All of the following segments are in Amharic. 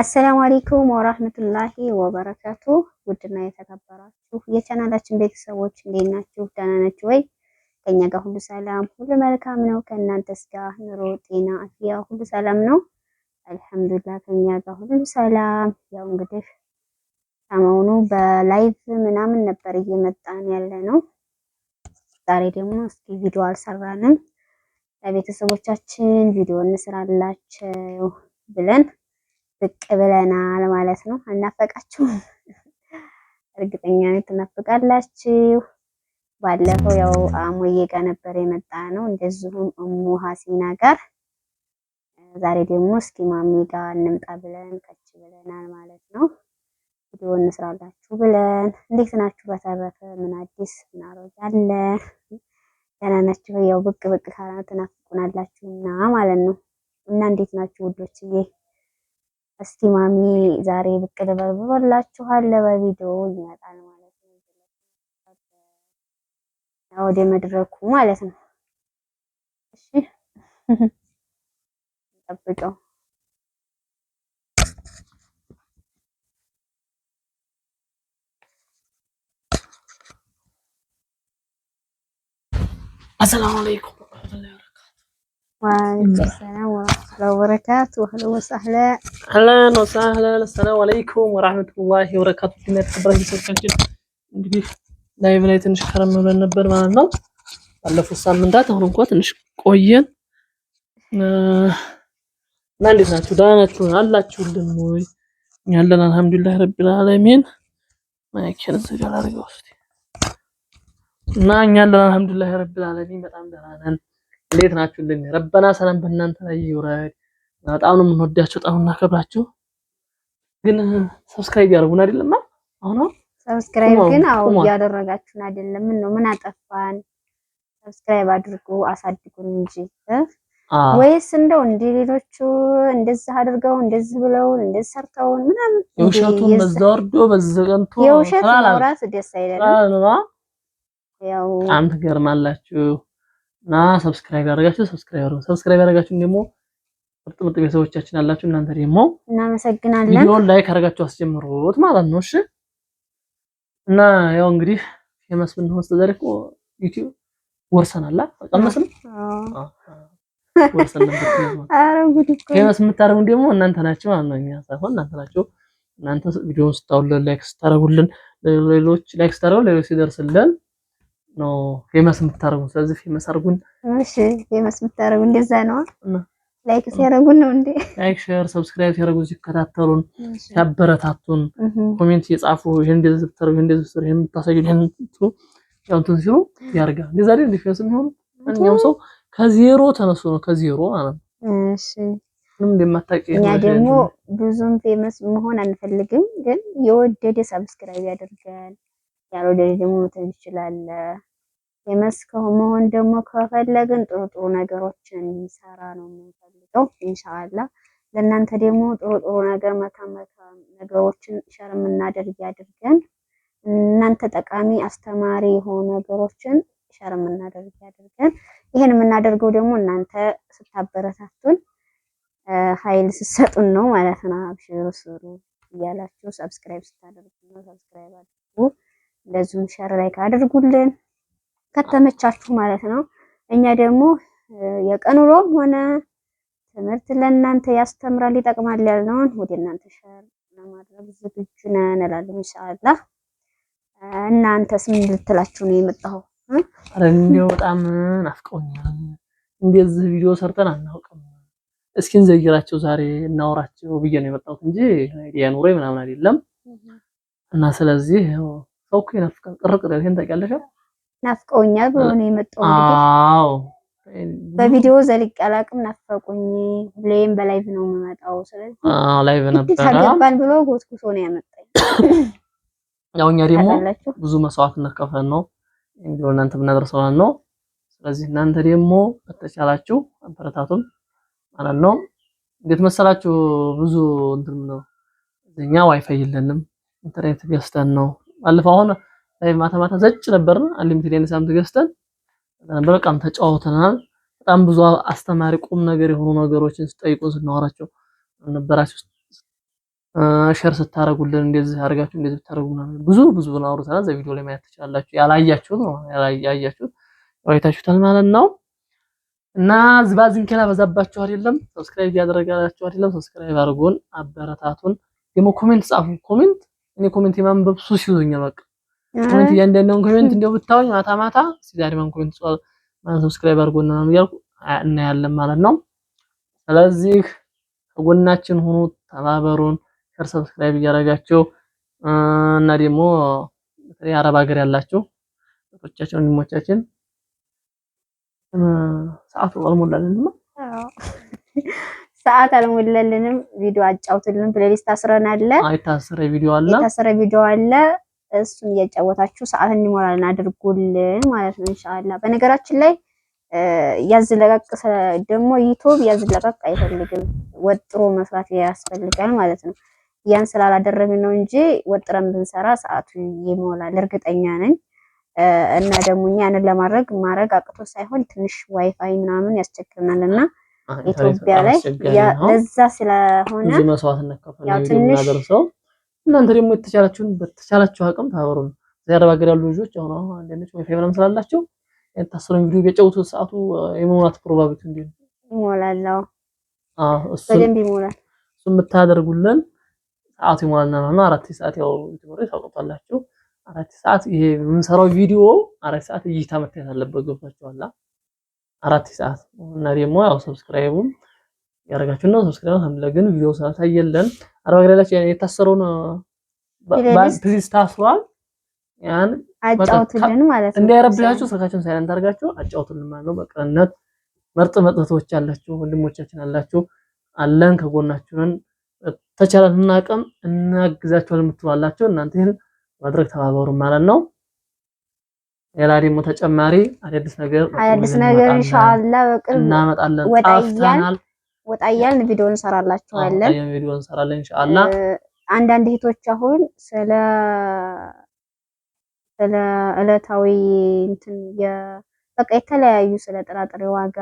አሰላሙ አሌይኩም ወራህመቱላሂ ወበረከቱ። ውድና የተከበራችሁ የቻናላችን ቤተሰቦች እንዴት ናችሁ? ደህና ናችሁ ወይ? ከኛ ጋር ሁሉ ሰላም፣ ሁሉ መልካም ነው። ከእናንተስ ጋር ኑሮ፣ ጤና፣ አፍያ ሁሉ ሰላም ነው? አልሐምዱሊላህ ከኛ ጋር ሁሉ ሰላም። ያው እንግዲህ ሰሞኑ በላይቭ ምናምን ነበር እየመጣን ያለ ነው። ዛሬ ደግሞ እስኪ ቪዲዮ አልሰራንም። ለቤተሰቦቻችን ቪዲዮ እንስራላቸው ብለን ብቅ ብለናል ማለት ነው። አልናፈቃችሁም? እርግጠኛ ነኝ ትናፍቃላችሁ። ባለፈው ያው አሞዬ ጋር ነበር የመጣ ነው እንደዚሁም እሙ ሀሲና ጋር። ዛሬ ደግሞ እስኪ ማሚ ጋር እንምጣ ብለን ከች ብለናል ማለት ነው። ቪዲዮ እንስራላችሁ ብለን እንዴት ናችሁ? በተረፈ ምን አዲስ እናረጋለ? አለ ደህና ናችሁ? ያው ብቅ ብቅ ካላ ትናፍቁናላችሁና ማለት ነው። እና እንዴት ናችሁ ውዶችዬ? እስቲ ማሚ ዛሬ ብቅ ልበል በቪዲዮ ይመጣል ማለት ነው ወደ መድረኩ ማለት ነው። እሺ ጠብቀው። አሰላሙ አለይኩም وعليكم نعم. السلام ورحمة الله وبركاته أهلا وسهلا أهلا وسهلا السلام عليكم ورحمة الله وبركاته كنا تخبر هذه السلام كنت نجبيه دائما يتنش حرم من النبر ما لنا ألفوا السامن دات أهلا وقوة تنش قوين ما عندي ساتو دانا تلون ألا تشول دموي يالنا الحمد لله رب العالمين ما يكين سجل أرقوستي نا يالنا الحمد لله رب العالمين بطعم دانا እንዴት ናችሁ? ልን ረበና ሰላም በእናንተ ላይ ይውረድ። በጣም ነው የምንወዳችሁ፣ በጣም እናከብራችሁ። ግን ሰብስክራይብ ያደርጉን አይደለም አሁን ሰብስክራይብ ግን አው እያደረጋችሁን አይደለም። ምን ነው ምን አጠፋን? ሰብስክራይብ አድርጉ አሳድጉን እንጂ ወይስ እንደው እንደ ሌሎቹ እንደዚህ አድርገው እንደዚህ ብለው እንደዚህ ሰርተው ምናምን የውሸቱን በዛ ወርዶ በዛ ቀንቶ የውሸት ነው ራስ ደስ አይደለም። ያው አንተ ገርማላችሁ እና ሰብስክራይብ ያደርጋችሁ ሰብስክራይብ አድርጉ። ሰብስክራይብ ያደርጋችሁን ደግሞ ምርጥ ምርጥ ቤተሰቦቻችን አላችሁ። እናንተ ደግሞ እናመሰግናለን። ቪዲዮውን ላይክ አድርጋችሁ አስጀምሩት ማለት ነው። እሺ እና ያው እንግዲህ ፌመስ ብንሆን ዛሬ እኮ ዩቲዩብ ወርሰናል። ቀመስም ወርሰን ነበር። ፌመስ የምታደርጉን ደግሞ እናንተ ናችሁ ማለት ነው፣ እኛ ሳይሆን እናንተ ናችሁ። እናንተ ቪዲዮውን ስታውሉ ላይክ ስታደርጉልን፣ ሌሎች ላይክ ስታደርጉ ሌሎች ሲደርስልን ነው ፌመስ የምታደርጉን። ስለዚህ ፌመስ አድርጉን። እሺ ፌመስ የምታደርጉ እንደዛ ነው። ላይክ ሲያደርጉን ነው እንዴ? ላይክ ሼር፣ ሰብስክራይብ ሲያደርጉን፣ ሲከታተሉን፣ ሲያበረታቱን፣ ኮሜንት የጻፉ ይሄን እንደዚህ ብታደርጉ፣ ይሄን እንደዚህ ብታደርጉ፣ ይሄን ብታሳዩ፣ ይሄን ብትሉ ያው እንትን ሲሉ ያደርጋል። እንደዛ አይደል? ፌመስ የሚሆኑ ማንኛውም ሰው ከዜሮ ተነሱ ነው፣ ከዜሮ ማለት ነው። እሺ እኛ ደግሞ ብዙም ፌመስ መሆን አንፈልግም፣ ግን የወደደ ሰብስክራይብ ያደርጋል፣ ያልወደደ ደግሞ መተን ይችላል። ፌመስ መሆን ደግሞ ከፈለግን ጥሩ ጥሩ ነገሮችን እንሰራ ነው የምንፈልገው። ኢንሻአላ ለእናንተ ደግሞ ጥሩ ጥሩ ነገር መልካም መልካም ነገሮችን ሸር የምናደርግ ያድርገን። እናንተ ጠቃሚ አስተማሪ የሆኑ ነገሮችን ሸር የምናደርግ ያድርገን። ይህን የምናደርገው ደግሞ እናንተ ስታበረታቱን ኃይል ስሰጡን ነው ማለት ነው። አብሽሩ ስሩ እያላችሁ ሰብስክራይብ ስታደርጉ ነው። ሰብስክራይብ አድርጉ። እንደዚሁም ሸር ላይክ አድርጉልን። ከተመቻችሁ ማለት ነው። እኛ ደግሞ የቀን ውሎም ሆነ ትምህርት ለእናንተ ያስተምራል፣ ይጠቅማል ያልነውን ወደ እናንተ ሸር ለማድረግ ዝግጁ ነን እላለሁ። ኢንሻአላህ እናንተስ ምን ልትላችሁ ነው የመጣው? አረ እንደው በጣም ናፍቀውኛል። እንደዚህ ቪዲዮ ሰርተን አናውቅም። እስኪ እንዘይራቸው ዛሬ እናወራቸው ብዬ ነው የመጣሁት እንጂ አይዲያ የኑሮ ምናምን አይደለም። እና ስለዚህ ሰው እኮ ይናፍቃል። ቅርቅር ይሄን ታውቂያለሽ። ናፍቀውኛል ብሎ ነው የመጣው። በቪዲዮ ዘልቅ አላቅም፣ ናፈቁኝ። ሁሌም በላይቭ ነው የምመጣው። ስለዚህ አዎ ላይቭ ነበር ታገባን ብሎ ጎትኩሶ ነው ያመጣኝ። ያው እኛ ደግሞ ብዙ መስዋዕት ከፍለን ነው እንግዲህ እናንተ ምናደርሰውናል ነው። ስለዚህ እናንተ ደግሞ ከተቻላችሁ አበረታቱን ማለት ነው። እንዴት መሰላችሁ? ብዙ እንትም ነው እኛ ዋይፋይ የለንም ኢንተርኔት ገዝተን ነው ባለፈው አሁን ማታ ማታ ዘጭ ነበርን። አንሊሚትድ የነሳምት ገዝተን ነበር። በቃም ተጫውተናል። በጣም ብዙ አስተማሪ ቁም ነገር የሆኑ ነገሮችን ስጠይቁን ስናወራቸው ነበራችሁ። ሸር ስታረጉልን እንደዚህ አርጋችሁ እንደዚህ ብታረጉ ብዙ ብዙ አውርተናል። እዛ ቪዲዮ ላይ ማየት ትችላላችሁ። ያላያችሁት ነው ያላያችሁት አይታችሁታል ማለት ነው። እና ዝባዝን ከላ በዛባችሁ አይደለም። ሰብስክራይብ ያደረጋችሁ አይደለም። ሰብስክራይብ አድርጎን አበረታቱን። ደግሞ ኮሜንት ጻፉ። ኮሜንት እኔ ኮሜንት የማንበብ ሱስ ይዞኛል በቃ ኮሜንት እያንዳንዳውን ኮሜንት እንደው ብታወኝ ማታ ማታ እስቲ ዛሬ ማን ኮሜንት ጽፏል ማን ሰብስክራይብ አድርጎና ነው እያልኩ እናያለን ማለት ነው። ስለዚህ ከጎናችን ሆኖ ተባበሩን፣ ሸር ሰብስክራይብ እያደረጋችሁ እና ደግሞ በተለይ አረብ ሀገር ያላችሁ እህቶቻችን ወንድሞቻችን ሰዓቱ አልሞላልንም፣ ሰዓት አልሞላልንም። ቪዲዮ አጫውትልን ፕሌሊስት አስረናል። አይታሰረ ቪዲዮ አለ፣ የታሰረ ቪዲዮ አለ። እሱን እያጫወታችሁ ሰዓት እንሞላለን አድርጉልን ማለት ነው። እንሻላ በነገራችን ላይ ያዝለቀቅ ደግሞ ዩቲዩብ ያዝለቀቅ አይፈልግም። ወጥሮ መስራት ያስፈልጋል ማለት ነው። ያን ስላላደረግን ነው እንጂ ወጥረን ብንሰራ ሰዓቱ ይሞላል እርግጠኛ ነኝ። እና ደግሞ እኛ ያንን ለማድረግ ማድረግ አቅቶ ሳይሆን ትንሽ ዋይፋይ ምናምን ያስቸግረናል እና ኢትዮጵያ ላይ ለዛ ስለሆነ ያው ትንሽ እናንተ ደግሞ የተቻላችሁን በተቻላችሁ አቅም ታበሩ ነው። እዚህ አረብ ሀገር ያሉ ልጆች አሁን አሁን አንዳንዶች ወይ ምናምን ስላላቸው የታሰሩን ቪዲዮ ቢያጫውቱ ሰዓቱ የመሙላት ፕሮባቢሊቲ እንዴ ይሞላል። አዎ እሱ በደንብ ይሞላል። እሱ የምታደርጉልን ሰዓቱ ይሞላልና ነው። አራት ሰዓት ያው ትምሩ ታውቁታላችሁ። አራት ሰዓት ይሄ የምንሰራው ቪዲዮ አራት ሰዓት እይታ መታየት አለበት። ገብታችኋል? አራት ሰዓት እና ደግሞ ያው ሰብስክራይቡም ያደረጋችሁ ነው። ሰብስክራይብ አለ ግን ቪዲዮ ስላልታየለን አርባ ገደላች የታሰረውን ፕሊስ ታስሯል። ያን አጫውቱልን ማለት ነው። እንዳይረብሻችሁ ስልካችሁን ሳይለንት አድርጋችሁ አጫውቱልን ማለት ነው። በቅንነት ምርጥ መጥቶች አላችሁ፣ ወንድሞቻችን አላችሁ፣ አለን ከጎናችሁን ተቻላትና አቅም እናግዛችኋለን የምትባላችሁ እናንተ ይሄን ማድረግ ተባበሩ ማለት ነው። ሌላ ደግሞ ተጨማሪ አዳዲስ ነገር አዳዲስ ነገር ኢንሻአላህ በቅርብ እናመጣለን። ጠፍተናል ወጣ እያልን ቪዲዮ እንሰራላችኋለን። ቪዲዮ እንሰራለን ኢንሻአላህ። አንዳንድ እህቶች አሁን ስለ ስለ እለታዊ እንትን በቃ የተለያዩ ስለ ጥራጥሬ ዋጋ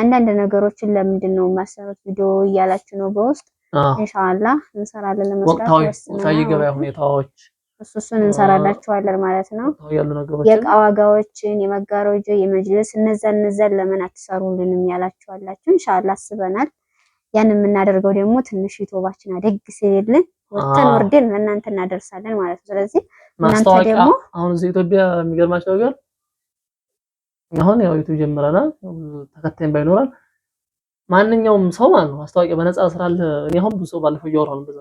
አንዳንድ ነገሮችን ለምንድን ነው የማሰሩት ቪዲዮ እያላችሁ ነው በውስጥ ኢንሻአላህ እንሰራለን። ለመስራት ወቅታዊ የገበያ ሁኔታዎች እሱ እንሰራላችኋለን ማለት ነው። የእቃ ዋጋዎችን፣ የመጋረጆ፣ የመጅልስ እነዛን እነዛን ለምን አትሰሩልንም ያላችኋላችሁ እንሻላ አስበናል። ያን የምናደርገው ደግሞ ትንሽ ዩቱባችን አደግ ሲልልን ወጥተን ወርደን ለእናንተ እናደርሳለን ማለት ነው። ስለዚህ እናንተ ደግሞ አሁን እዚህ ኢትዮጵያ የሚገርማቸው ነገር አሁን ያው ዩቱብ ጀምረናል፣ ተከታይም ባይኖራል ማንኛውም ሰው ማለት ነው ማስታወቂያ በነፃ ስራል። እኔ አሁን ብዙ ሰው ባለፈው እያወራሁ ነው በዛ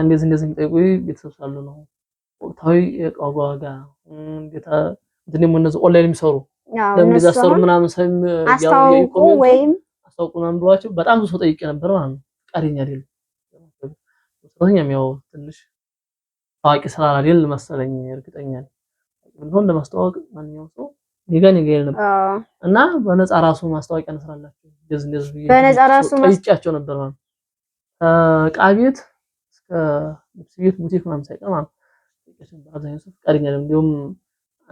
እንደዚህ እንደዚህ የሚጠይቁ ቤተሰብ ስላሉ ነው። ወቅታዊ የእቃው ዋጋ ጌታ እንትን እነዚህ ኦንላይን የሚሰሩ ለሚዛሰሩ ምናምን ሰም አስታውቁ ወይም አስታውቁ ምናምን ብሏቸው በጣም ብዙ ሰው ጠይቄ ነበር ማለት ነው። ፈቃደኛ አይደለም። ስለዚህ ያው ትንሽ ታዋቂ ስራ አይደል መሰለኝ እርግጠኛ ነኝ። ብንሆን ለማስተዋወቅ ማንኛውም ሰው ኔጋ ኔጋ ይል ነበር እና በነፃ ራሱ ማስታወቂያ እንስራላችሁ እንደዚህ እንደዚህ በነፃ ራሱ ጠይቄያቸው ነበር ማለት እቃ ቤት እስከ ልብስ ቤት ቡቲክ ምናምን ሳይቀር ማለት በአብዛኛው ሰው ፈቃደኛ ነው። እንዲሁም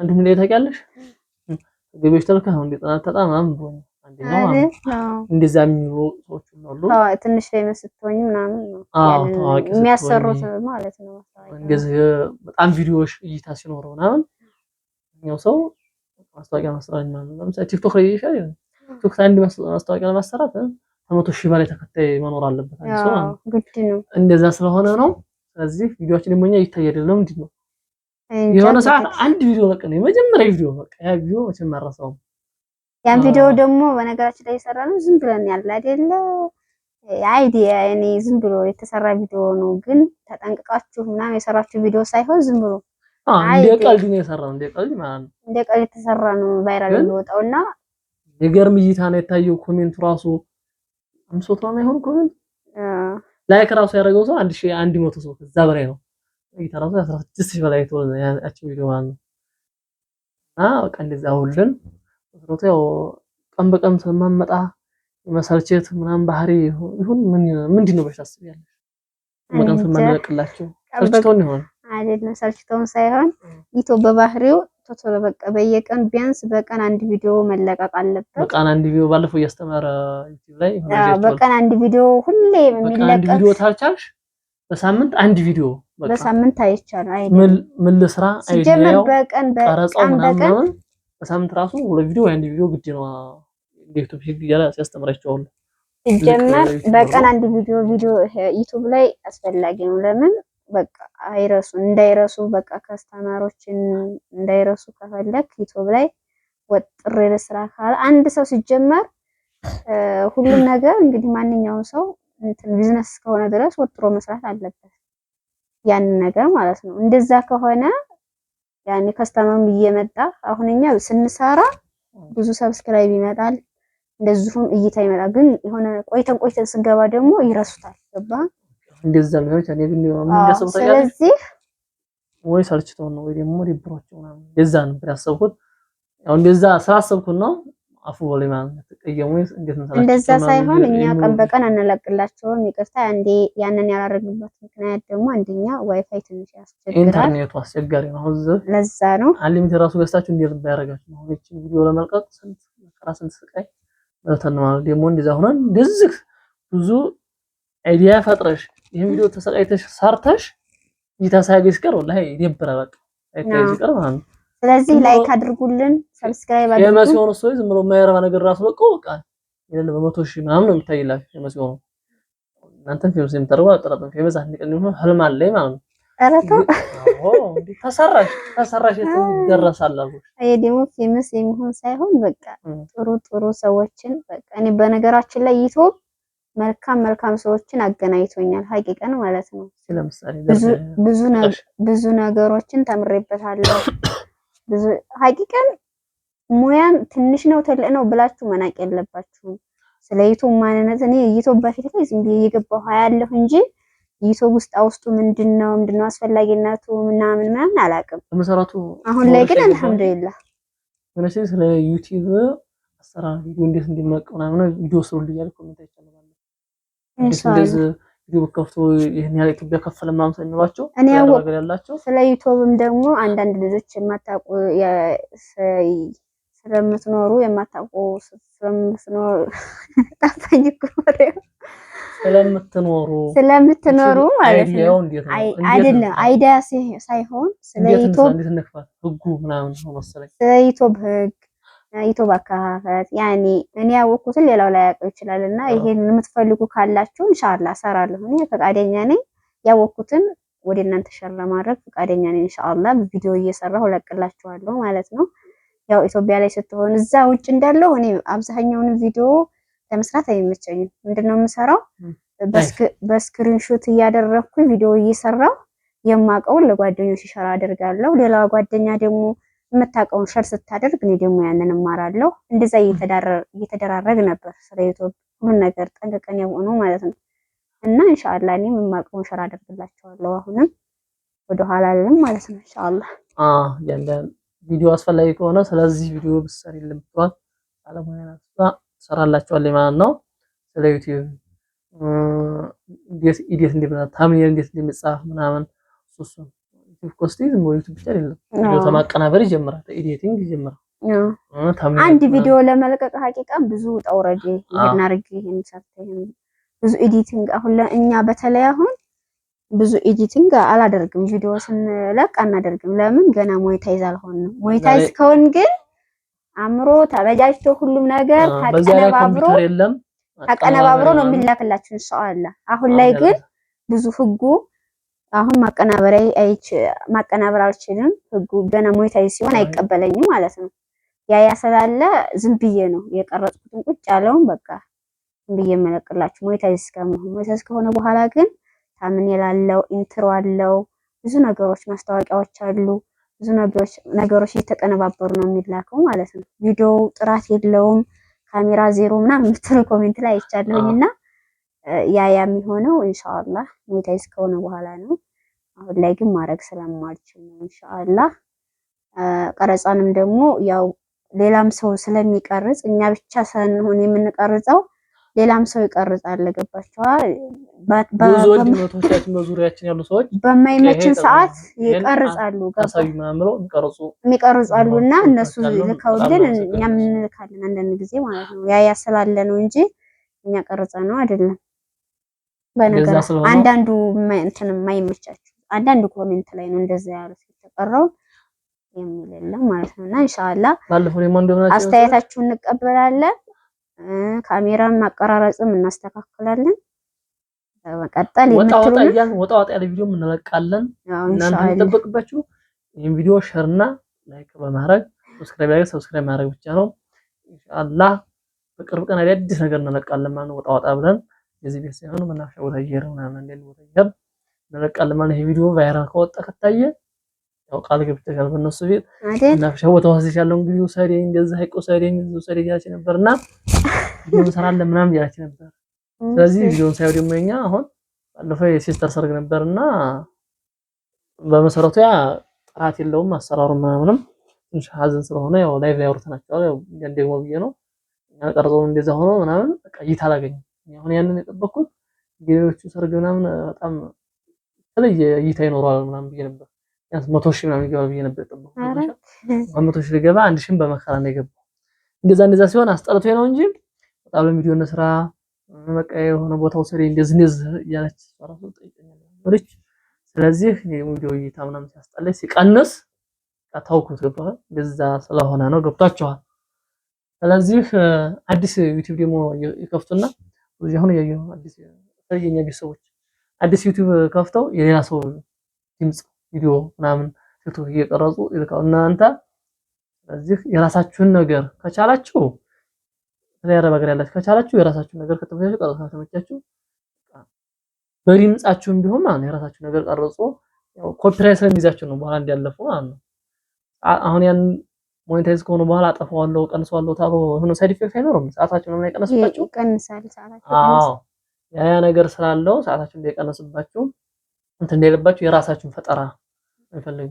አንድ ምን ላይ ታውቂያለሽ ገቢዎች ተልከህ ነው እንደ ተጣ ምናምን ብሎ እንደዛ የሚሉ ሰዎች ሁሉ ትንሽ ላይ ስትሆኝ ምናምን የሚያሰሩት ማለት ነው። እንደዚህ በጣም ቪዲዮዎች እይታ ሲኖረው ምናምን እኛው ሰው ማስታወቂያ ማሰራት ምናምን ለምሳሌ ቲክቶክ ላይ ይሻል ቲክቶክ አንድ ማስታወቂያ ለማሰራት ከመቶ ሺህ በላይ ተከታይ መኖር አለበት ግድ ነው። እንደዛ ስለሆነ ነው። ስለዚህ ቪዲዮችን ደግሞ እኛ ይታያል ነው ምንድን ነው የሆነ ሰዓት አንድ ቪዲዮ በቃ ነው የመጀመሪያ ቪዲዮ በቃ ያ ቪዲዮ መቼም አረሳውም። ያን ቪዲዮ ደግሞ በነገራችን ላይ የሰራ ነው ዝም ብለን ያለ አይደለ አይዲያ እኔ ዝም ብሎ የተሰራ ቪዲዮ ነው፣ ግን ተጠንቅቃችሁ ምናምን የሰራችሁ ቪዲዮ ሳይሆን ዝም ብሎ እንደ ቀልድ ነው የሰራ እንደ ቀልድ ማለት ነው። እንደ ቀልድ የተሰራ ነው ቫይራል የሚወጣው እና የገርም እይታ ነው የታየው ኮሜንቱ ራሱ አምስት መቶ ምናምን ኮሜንት ላይክ ራሱ ያደረገው ሰው አንድ ሺህ አንድ መቶ ሰው ከዛ በላይ ነው። እይታ ራሱ አስራ ሺህ በላይ ተወለ ያቺ ቪዲዮ ማለት ነው። እና በቃ እንደዛ ሁሉን ወጥሮት ያው ቀን በቀን ስለማመጣ መሰልቸት ምናምን ባህሪ ይሁን ምን ምንድን ነው ብለሽ ታስቢያለሽ? ቀን በቀን ስለማንለቅላቸው ሰልችቶን ይሆን አይደለም? ሰልችቶን ሳይሆን ይቶ በባህሪው ቶሎ ቶሎ በቃ በየቀን ቢያንስ በቀን አንድ ቪዲዮ መለቀቅ አለበት። በቀን አንድ ቪዲዮ ባለፈው እያስተማረ ዩቲዩብ ላይ በቀን አንድ ቪዲዮ ሁሌ የሚለቀቅ አንድ ቪዲዮ ታልቻልሽ በሳምንት አንድ ቪዲዮ በሳምንት አይቻልም። አይ ምን ልስራ ሲጀመር በቀን በቀን በቀን በሳምንት ራሱ ሁለት ቪዲዮ ወይ አንድ ቪዲዮ ግድ ነው። ዩቲዩብ ሲግ ያለ ሲያስተምራቸው ሲጀመር በቀን አንድ ቪዲዮ ቪዲዮ ዩቲዩብ ላይ አስፈላጊ ነው። ለምን በቃ አይረሱ እንዳይረሱ በቃ ከስተማሮችን እንዳይረሱ ከፈለክ ዩቱብ ላይ ወጥር ለስራ ካለ አንድ ሰው ሲጀመር ሁሉም ነገር እንግዲህ ማንኛውም ሰው ቢዝነስ ከሆነ ድረስ ወጥሮ መስራት አለበት። ያንን ነገር ማለት ነው። እንደዛ ከሆነ ያኔ ከስተማም እየመጣ አሁን እኛ ስንሰራ ብዙ ሰብስክራይብ ይመጣል፣ እንደዚሁም እይታ ይመጣል። ግን የሆነ ቆይተን ቆይተን ስንገባ ደግሞ ይረሱታል። ገባ እንደዛም ሊሆን ይችላል። ስለዚህ ወይ ነው ወይ ደግሞ ነው እንደዛ ነበር ያሰብኩት። ያው እንደዛ ስላሰብኩት ነው አፉ እንዴት እንደዛ ሳይሆን እኛ ቀን በቀን አንለቅላቸውም። ይቅርታ አንዴ ያንን ያላረግንበት ምክንያት ደግሞ አንደኛ ዋይፋይ ትንሽ ያስቸግራል፣ ኢንተርኔቱ አስቸጋሪ ነው። ለዛ ነው አንሊሚት ራሱ ገዝታችሁ እንዴት ባያረጋችሁ ነው። እቺ ቪዲዮ ለመልቀቅ ስንት ስቃይ ነው። ደግሞ እንደዛ ሆነን ብዙ አይዲያ ፈጥረሽ ይህን ቪዲዮ ተሰቃይተሽ ሰርተሽ ይታሳያገሽ ቀር ወላሂ ይደብራ በቃ አይታይሽ ቀር ማለት ነው። ስለዚህ ላይክ አድርጉልን፣ ሰብስክራይብ ሰው ዝም ብሎ የማይረባ ነገር ራሱ በቃ በቃ በመቶ ሺህ ምናምን ነው የሚታይላችሁ የመሲሆኑ እናንተም ፊልም የምታደርጉ አጠራጥም ፌመስ አንቀን ነው ህልም አለ ማለት ነው። ተሰራሽ ተሰራሽ ደግሞ ፌመስ የሚሆን ሳይሆን በቃ ጥሩ ጥሩ ሰዎችን በቃ እኔ በነገራችን ላይ ይቶ መልካም መልካም ሰዎችን አገናኝቶኛል። ሀቂቀን ማለት ነው። ብዙ ነገሮችን ተምሬበታለሁ። ብዙ ሀቂቀን ሙያም ትንሽ ነው ትልቅ ነው ብላችሁ መናቅ የለባችሁም። ስለ ዩቱብ ማንነት እኔ ዩቱብ በፊት ላይ ዝም ብዬ እየገባሁ ያለሁ እንጂ ዩቱብ ውስጥ አውስጡ ምንድን ነው ምንድን ነው አስፈላጊነቱ ምናምን ምናምን አላውቅም። አሁን ላይ ግን አልሐምዱሊላህ ስለ ዩቲዩብ አሰራር ቪዲዮ እንዴት እንደሚያውቅ ምናምን ቪዲዮ ስሩልኝ እያልኩ ኮሜንት አይቻልም እንደዚህ ዩቲዩብ ከፍቶ ይህን ያህል ኢትዮጵያ ከፈለ ምናምን እኔ ያላቸው ስለ ዩቲዩብም ደግሞ አንዳንድ ልጆች የማታውቁ ስለምትኖሩ የማታውቁ ስለምትኖሩ ጠፋኝ ስለምትኖሩ ስለምትኖሩ ማለት ነው። አይደለም ሳይሆን ስለ ዩቲዩብ ህግ ይተባከሀፈት ያኔ እኔ ያወቅኩትን ሌላው ላይ ያውቀው ይችላል። እና ይሄን የምትፈልጉ ካላችሁ ኢንሻአላ እሰራለሁ። እኔ ፈቃደኛ ነኝ፣ ያወቅኩትን ወደ እናንተ ሸር ለማድረግ ፈቃደኛ ነኝ። ኢንሻአላ ቪዲዮ እየሰራሁ እለቅላችኋለሁ ማለት ነው። ያው ኢትዮጵያ ላይ ስትሆን እዛ ውጭ እንዳለው እኔ አብዛኛውን ቪዲዮ ለመስራት አይመቸኝም። ምንድነው የምሰራው በስክሪንሾት እያደረግኩ ቪዲዮ እየሰራሁ የማውቀውን ለጓደኞች ሸር አደርጋለሁ። ሌላ ጓደኛ ደግሞ የምታውቀውን ሸር ስታደርግ እኔ ደግሞ ያንን እማራለሁ። እንደዛ እየተደራረግ ነበር ስለ ዩቱብ ሁሉን ነገር ጠንቅቀን የሆኑ ማለት ነው። እና እንሻላ እኔም የማውቀውን ሸር አደርግላቸዋለሁ። አሁንም ወደኋላ አልልም ማለት ነው። እንሻላ ያለ ቪዲዮ አስፈላጊ ከሆነ ስለዚህ ቪዲዮ ብሰር የለምትሏል ባለሙያ ትሰራላቸዋለች ማለት ነው። ስለ ዩቲዩብ እንዴት እንዴት እንደምና ታምኔል እንዴት እንደሚጻፍ ምናምን እሱን ዩቲዩብ ኮስቲ ዝም ብሎ ዩቲዩብ ብቻ አይደለም፣ ቪዲዮ ማቀናበር ይጀምራል፣ ኤዲቲንግ ይጀምራል። አንድ ቪዲዮ ለመልቀቅ ሀቂቃም ብዙ ጠውረድ ይሄን አድርጊ ይሄን ሰርተ ይሄን ብዙ ኤዲቲንግ። አሁን ለእኛ በተለይ አሁን ብዙ ኤዲቲንግ አላደርግም፣ ቪዲዮ ስንለቅ አናደርግም። ለምን ገና ሞኔታይዝ አልሆንም። ሞኔታይዝ ከሆን ግን አምሮ ተበጃጅቶ ሁሉም ነገር ተቀነባብሮ ተቀነባብሮ ነው የሚላክላችሁ ሰው አለ። አሁን ላይ ግን ብዙ ህጉ አሁን ማቀናበሪያ አይች ማቀናበር አልችልም። ህጉ ገና ሞይታይ ሲሆን አይቀበለኝም ማለት ነው። ያ ያ ስላለ ዝም ብዬ ነው የቀረጽኩትን ቁጭ ያለውን በቃ ዝም ብዬ መለቅላችሁ ሞይታይ እስከመሆን ሞይታይ እስከሆነ በኋላ ግን ታምኔል አለው፣ ኢንትሮ አለው፣ ብዙ ነገሮች ማስታወቂያዎች አሉ። ብዙ ነገሮች ነገሮች እየተቀነባበሩ ነው የሚላከው ማለት ነው። ቪዲዮ ጥራት የለውም ካሜራ ዜሮ ምናምን የምትሉ ኮሜንት ላይ አይቻለሁኝና ያ የሚሆነው ኢንሻአላህ ሞኔታይዝ ከሆነ በኋላ ነው። አሁን ላይ ግን ማድረግ ስለማልችል ነው። ኢንሻአላህ ቀረጻንም ደግሞ ያው ሌላም ሰው ስለሚቀርጽ እኛ ብቻ ሳንሆን የምንቀርጸው ሌላም ሰው ይቀርጻል። ገባችኋ? በዙሪያችን ያሉ ሰዎች በማይመችን ሰዓት ይቀርጻሉ። የሚቀርጹ አሉ እና እነሱ ልከውልን እኛም እንልካለን አንዳንድ ጊዜ ማለት ነው። ያ ያ ነው እንጂ እኛ ቀርጸ ነው አይደለም። በነገር አንዳንዱ እንትን የማይመቻችሁ አንዳንዱ ኮሜንት ላይ ነው እንደዛ ያሉት የተቀረው የሚል የለም ማለት ነው። እና ኢንሻአላህ አስተያየታችሁን እንቀበላለን። ካሜራን ማቀራረጽም እናስተካክላለን። በመቀጠል የምትሉን ወጣ ወጣ ያለ ቪዲዮም እንለቃለን። እናንተ የሚጠበቅባችሁ ይህን ቪዲዮ ሸርና ላይክ በማድረግ ሰብስክራይብ ያደርግ ሰብስክራይብ ማድረግ ብቻ ነው። ኢንሻአላህ በቅርብ ቀን አዲስ ነገር እንለቃለን ማለት ነው ወጣ ወጣ ብለን የዚህ ቤት ሳይሆን መናፈሻ ቦታ እየሄድን ምናምን አንዳንድ ቦታ እየሄድን እንለቃለን። ይሄ ቪዲዮ ቫይራል ከወጣ ከታየ ያው ቃል ገብተሻል በእነሱ ቤት መናፈሻ ቦታ ወስደሻለሁ እንግዲህ ውሰደኝ፣ እንደዚህ ሀይቅ ውሰደኝ፣ እንደዚህ ውሰደኝ እያለች ነበር እና ቪዲዮ እንሰራለን ምናምን እያለች ነበር። ስለዚህ ቪዲዮን ሳይሆን ደግሞ የኛ አሁን ባለፈው የሲስተር ሰርግ ነበር እና በመሰረቱ ያ ጥራት የለውም አሰራሩ ምናምንም ትንሽ ሀዘን ስለሆነ ያው ላይቭ ላይ አውርተናቸዋል። ያው ደግሞ ብዬ ነው ቀርጾ እንደዛ ሆኖ ምናምን እይታ አላገኘም አሁን ያንን የጠበቅኩት ሌሎቹ ሰርግ ምናምን በጣም የተለየ እይታ ይኖረዋል ምናምን ብዬ ነበር። ቢያንስ መቶ ሺህ ምናምን ይገባ ብዬ ነበር የጠበቅኩት። መቶ ሺህ ሊገባ አንድ ሺህም በመከራ ነው የገባው። እንደዛ እንደዛ ሲሆን አስጠልቶ ነው እንጂ በጣም ለሚዲዮ እና ስራ በቃ የሆነ ቦታው ውሰደኝ እንደዚህ እንደዚህ እያለች ራሱ ጠይቀኛለች። ስለዚህ የቪዲዮ እይታ ምናምን ሲያስጠላኝ ሲቀንስ ታውኩት ገባ። እንደዛ ስለሆነ ነው ገብቷቸዋል። ስለዚህ አዲስ ዩቲዩብ ደግሞ ይከፍቱና አሁን እያየሁ ነው። አዲስ የኛ ቤተሰቦች አዲስ ዩቲዩብ ከፍተው የሌላ ሰው ድምጽ ቪዲዮ ምናምን ዩቲዩብ እየቀረጹ ይልካው እናንተ ስለዚህ የራሳችሁን ነገር ከቻላችሁ በተለይ ነገር ያላችሁ ከቻላችሁ የራሳችሁን ነገር ከተመቻችሁ ቀርጾ ከተመቻችሁ በድምጻችሁም ቢሆን ማለት የራሳችሁን ነገር ቀርጾ ያው ኮፒራይት ስለሚይዛችሁ ነው በኋላ እንዲያለፉ ማለት ነው። አሁን ያን ሞኔታይዝ ከሆኑ በኋላ አጠፋዋለሁ ቀንሷለሁ ታሎ ሆኖ ሳይድ ኢፌክት አይኖርም። ሰዓታችሁ ነው የቀነሱባችሁ ቀንሳል። ሰዓታቸው አዎ፣ ያ ያ ነገር ስላለው ሰዓታችሁ እንደቀነሱባችሁ እንትን እንደሌለባችሁ የራሳችሁን ፈጠራ እንፈልጉ።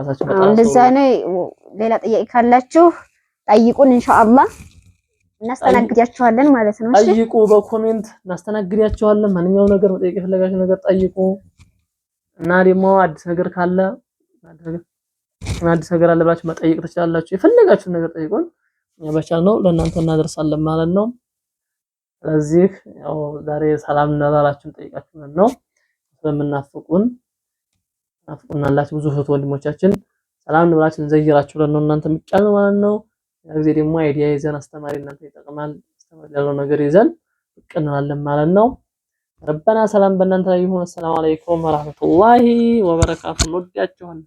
ራሳችሁን ፈጠራ እንደዛ ነው። ሌላ ጥያቄ ካላችሁ ጠይቁን፣ ኢንሻአላህ እናስተናግዳችኋለን ማለት ነው። ጠይቁ፣ በኮሜንት እናስተናግዳችኋለን። ማንኛውም ነገር መጠየቅ የፈለጋችሁ ነገር ጠይቁ እና ደግሞ አዲስ ነገር ካለ አዲስ ነገር አዲስ ነገር አለ ብላችሁ መጠየቅ ትችላላችሁ። የፈለጋችሁን ነገር ጠይቁን፣ እኛ ነው ለእናንተ እናደርሳለን ማለት ነው። ስለዚህ ያው ዛሬ ሰላም እናላላችሁ ጠይቃችሁ ነው ስለምናፍቁን ናፍቁናላችሁ ብዙ እህት ወንድሞቻችን ሰላም ብላችሁ እንዘይራችሁ ለነው እናንተ የሚጫል ማለት ነው። ያ ጊዜ ደግሞ አይዲያ ይዘን አስተማሪ እናንተ ይጠቅማል አስተማሪ ያለው ነገር ይዘን ብቅ እንላለን ማለት ነው። ረበና ሰላም በእናንተ ላይ ይሁን። አሰላሙ አለይኩም ወራህመቱላሂ ወበረካቱ። እንወዳችኋለን።